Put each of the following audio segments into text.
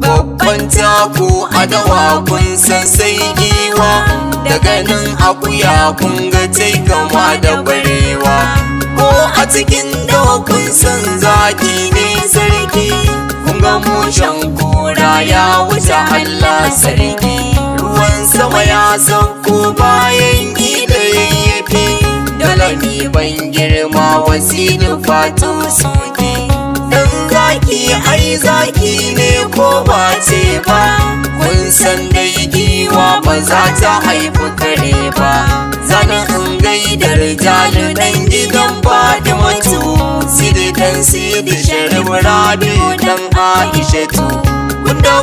Babban taku a dawa kun san sai giwa da ganin akuya kun ga taikama da barewa ko a cikin dawa kun san zaki ne sarki kun ga mushen kura ya wuce Allah sarki ruwan sama ya sauko bayan gida yayyafi dalami ban girma wasu fatan sun zaki ne ko ba ce ba kun san dai giwa ba za ta haifi kare ba zana in gaidar jalu dan gidan ba da mutu sidi dan sidi sharif rabiu dan aishatu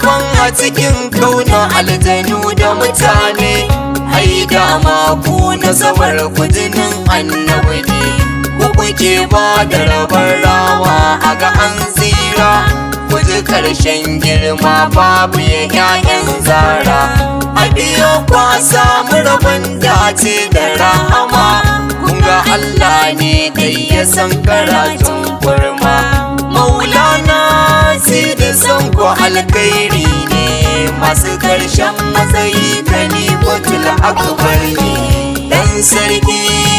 ban a cikin kauna aljanu da mutane ai da ku na zamar kujinin annabi ke ba da rabar rawa a ga an tsira kudu karshen girma babu ya ƴaƴan zara a biyo kwasa mu rabon dace da rahama kun ga Allah ne dai ya san karatun kurma maulana sai da san ku alkhairi ne masu karshen matsayi ka ne akbar ne dan sarki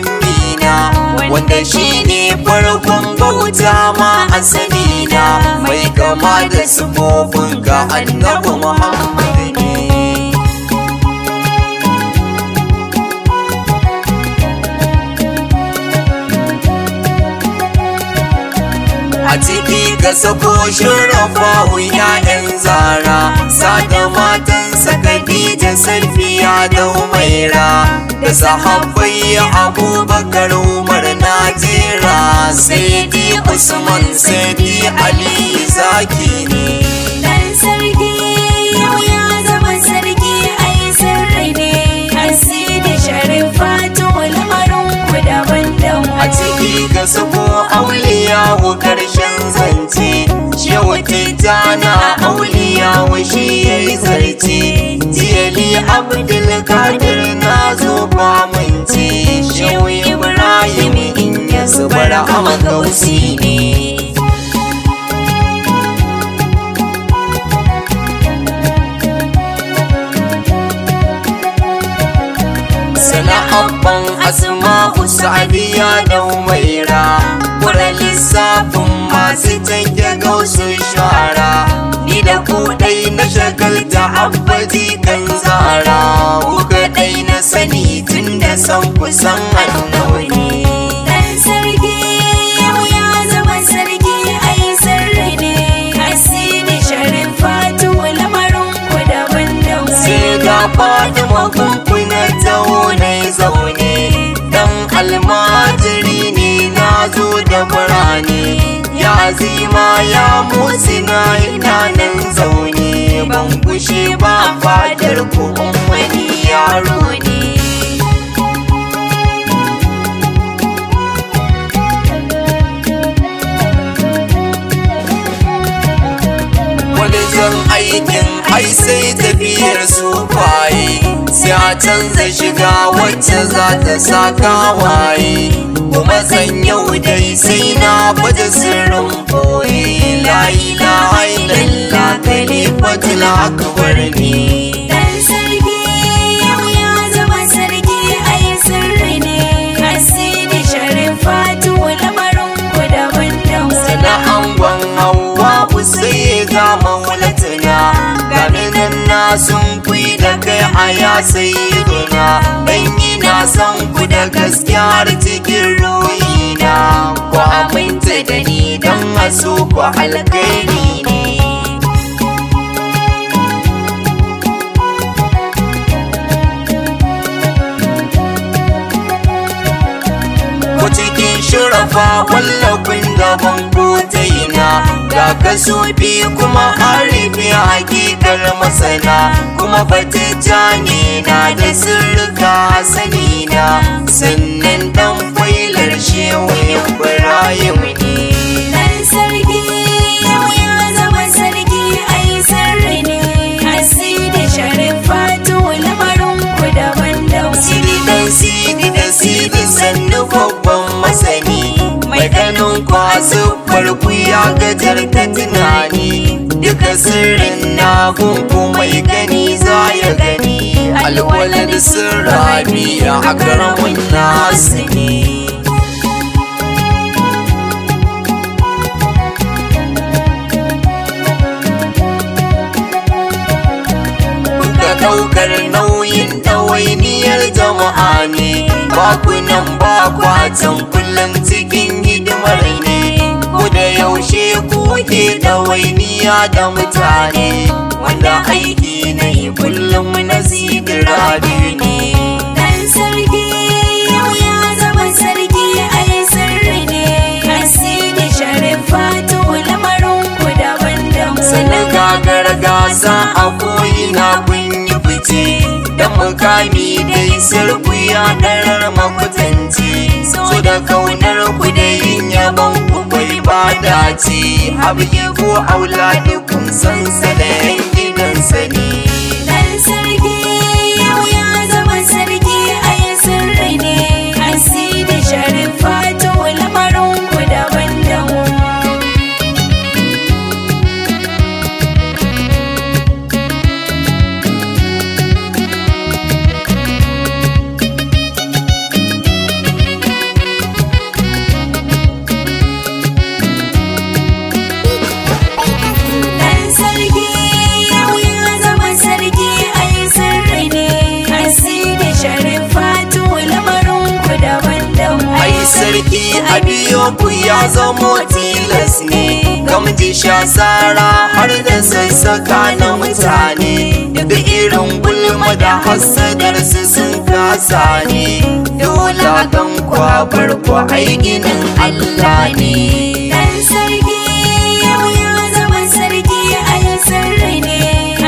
na wanda shi ne farkon bauta ma asali da mai kama da sufofin ga annabi muhammad ne a ciki ga sako rafa wuya 'yan zara sa da mata sarfiya da umaira da sahabbai abubakar umar najera sai di usman sai di ali zaki ne abdul kadir na zuba ba mun shehu ibrahim in ya zubar a magausi ne abban asma'u sa'adiyya da umaira kura lissafin masu canje gausun shara ni da ku na shagalta abba sani tun da son kusan annabi ne dan sarki yau ya zama sarki yi sirri ne asidi sharin fatuwa lamarin ku daban daban sai ga fadi makunkuna zaune zaune dan almajiri ne na zo da birane ya zima ya musina ina nan zaune ban gushe ba fadar ku wani yaro aikin ai sai tafiyar su faye sai a canza shiga wacce za ta sa kawaye kuma zan yau dai sai na gwada sirrin koyi la ilaha illallah kalifatul akbar ni sun ku da kai a ya ban yi na son ku da gaskiyar cikin ruhina ku aminta da ni don masu ku alkairi ne ku cikin shurafa wallah gaban butayina ga kaso biyu kuma harifi hakikar masana kuma fatijani na da sirrika na sannan dan ku ya gajar ta tunani duka sirrin na kuma mai gani za ya gani alwalar sirrami a karamin nasu ne ɗaukar nauyin ɗawainiyar jama'a ne ba ku nan ba ku kullum cikin hidimar ne muke ɗawainiya da mutane wanda aiki na yi kullum na sigirari mukami dai sirku ya darar makutanci so da kaunar ku dai ya ban ku bai bada ci habike ko auladi kun san gidan sani abu ya zamo tilas ne gamji shasara har da sassaka na mutane daga irin gulma da hasadarsu su sun kasa ne dole kan kwabar ku ai Allah ne dan sarki yau ya zama sarki alsarri ne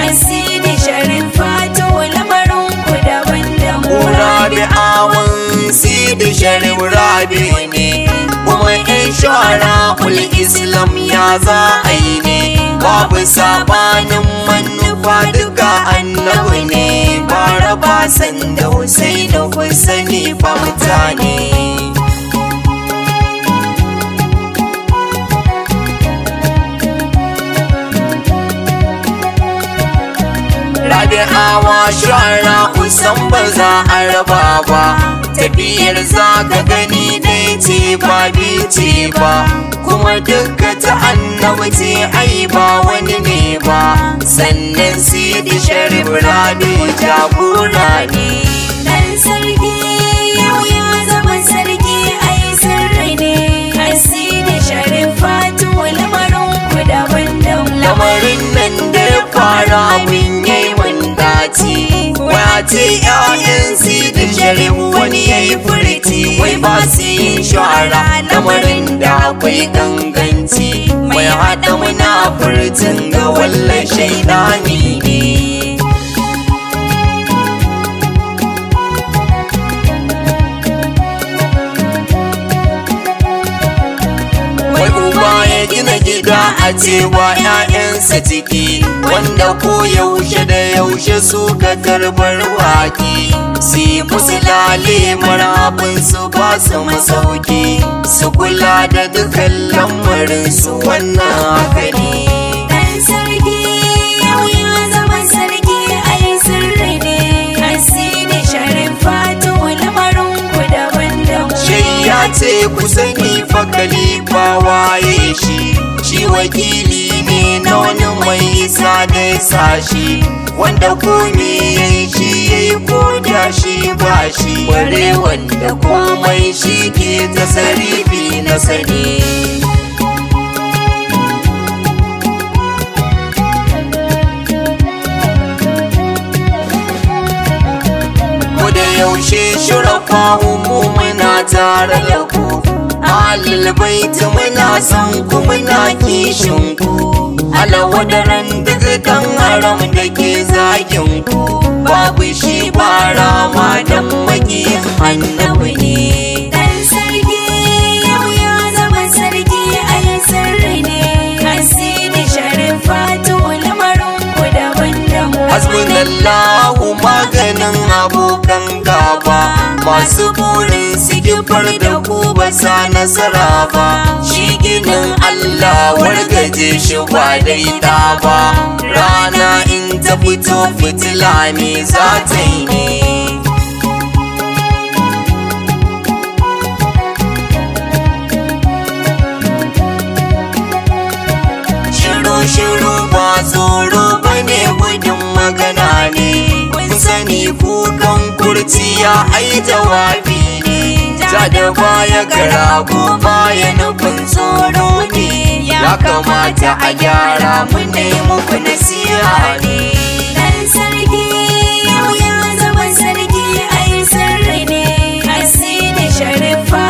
asiri sharifa to lamarin ku daban da mu rabi'awan sidi sharif rabi ne shara kul islam ya za a ne babu sabanin manufa duka annabi ne bara ba san da husaini kun sani ba mutane awa shara kusan ba za a raba ba tafiyar za ka gani dai ce ba bi ce ba kuma dukka ta annabi ce ai ba wani ne ba sannan sidi sharif rabi jagora ne fara abin yi wandaci wati ƴaƴan si da shirin wani yayi furiti wai ba su yin shara lamarin da akwai ganganci mai haɗa muna furtin ga wallan shaidani cewa 'ya'yansa ciki wanda ko yaushe da yaushe suka tarbar waki si musu lale marabin ba su masauki su kula da dukkan lamarin su wannan hakani ɗan yau ya sarki ne ku daban-daban ya ce ku sani fakali ba waye shi shi wakili ne na wani mai isa da isa shi wanda komi ya yi shi ya yi ko da shi ba shi ware wanda komai shi ke ta sarifi na sani yaushe shirakahu mu muna tare da kuku bai baiti muna son ku muna kishin ku da duk dan haram da ke zagin ku babu shi ba rama dan magiyin annabi ne dan sarki yau ya zama sarki alsirri ne asiri sharifatu lamarin ku daban da mu hasbunallahu maganin abokan gaba masu burin su kifar da ba nasara ba shi ginin Allah wargaje shi ba daida ba rana in ta fito fitila ne za ta yi ne shiru ba tsoro ba ne gudun magana ne kun sani kukan kurciya ai jawabi ja da baya ga rago baya nufin tsoro ne ya kamata a gyara mu ne muku nasiha ne dan sarki yau ya zama sarki yi sirri ne asi da sharifa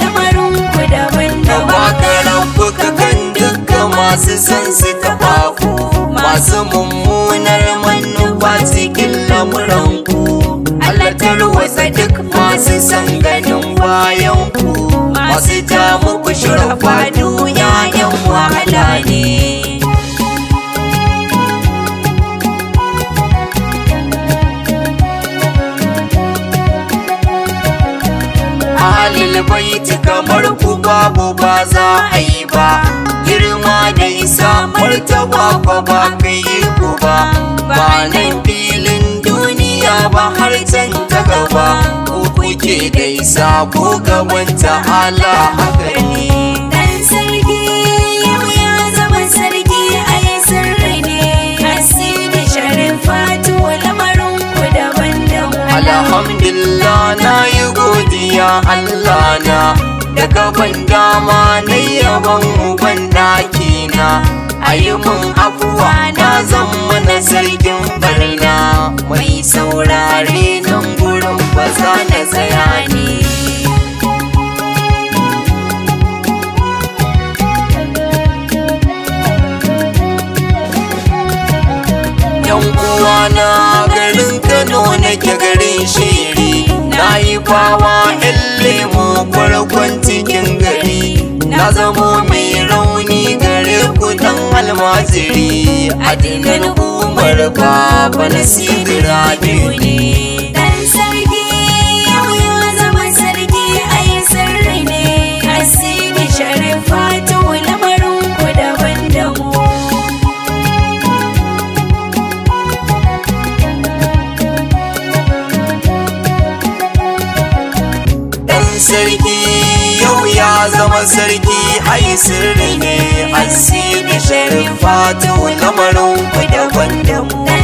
lamarin ku daban da bakaran ka kan dukkan masu son su taba ku masu mummunar manufa cikin lamuranku Allah ta ruwasa duk masu son Akwatu yayan wahala ne halilbaiti kamar ku babu ba za a yi ba Girma da isa martaba ba ba ka yi ku ba Ba nan filin duniya ba har can ta gaba Ku kuke da isa ko gaban ta'ala haka alhamdulillah na yi godiya Allah na daga ban dama na yaban uban ɗaki na mun afuwa na zan mana sarkin barna mai saurare nan gurin baza na tsaya ne Yan uwana shiri na yi kwawa yan lemo kwarkwan cikin gari na zamo mai rauni gare ku dan almaziri adinan umar baba na sidira ne ya zama sarki ai sirri ne asiri sharifatu kamarin ku daban da mu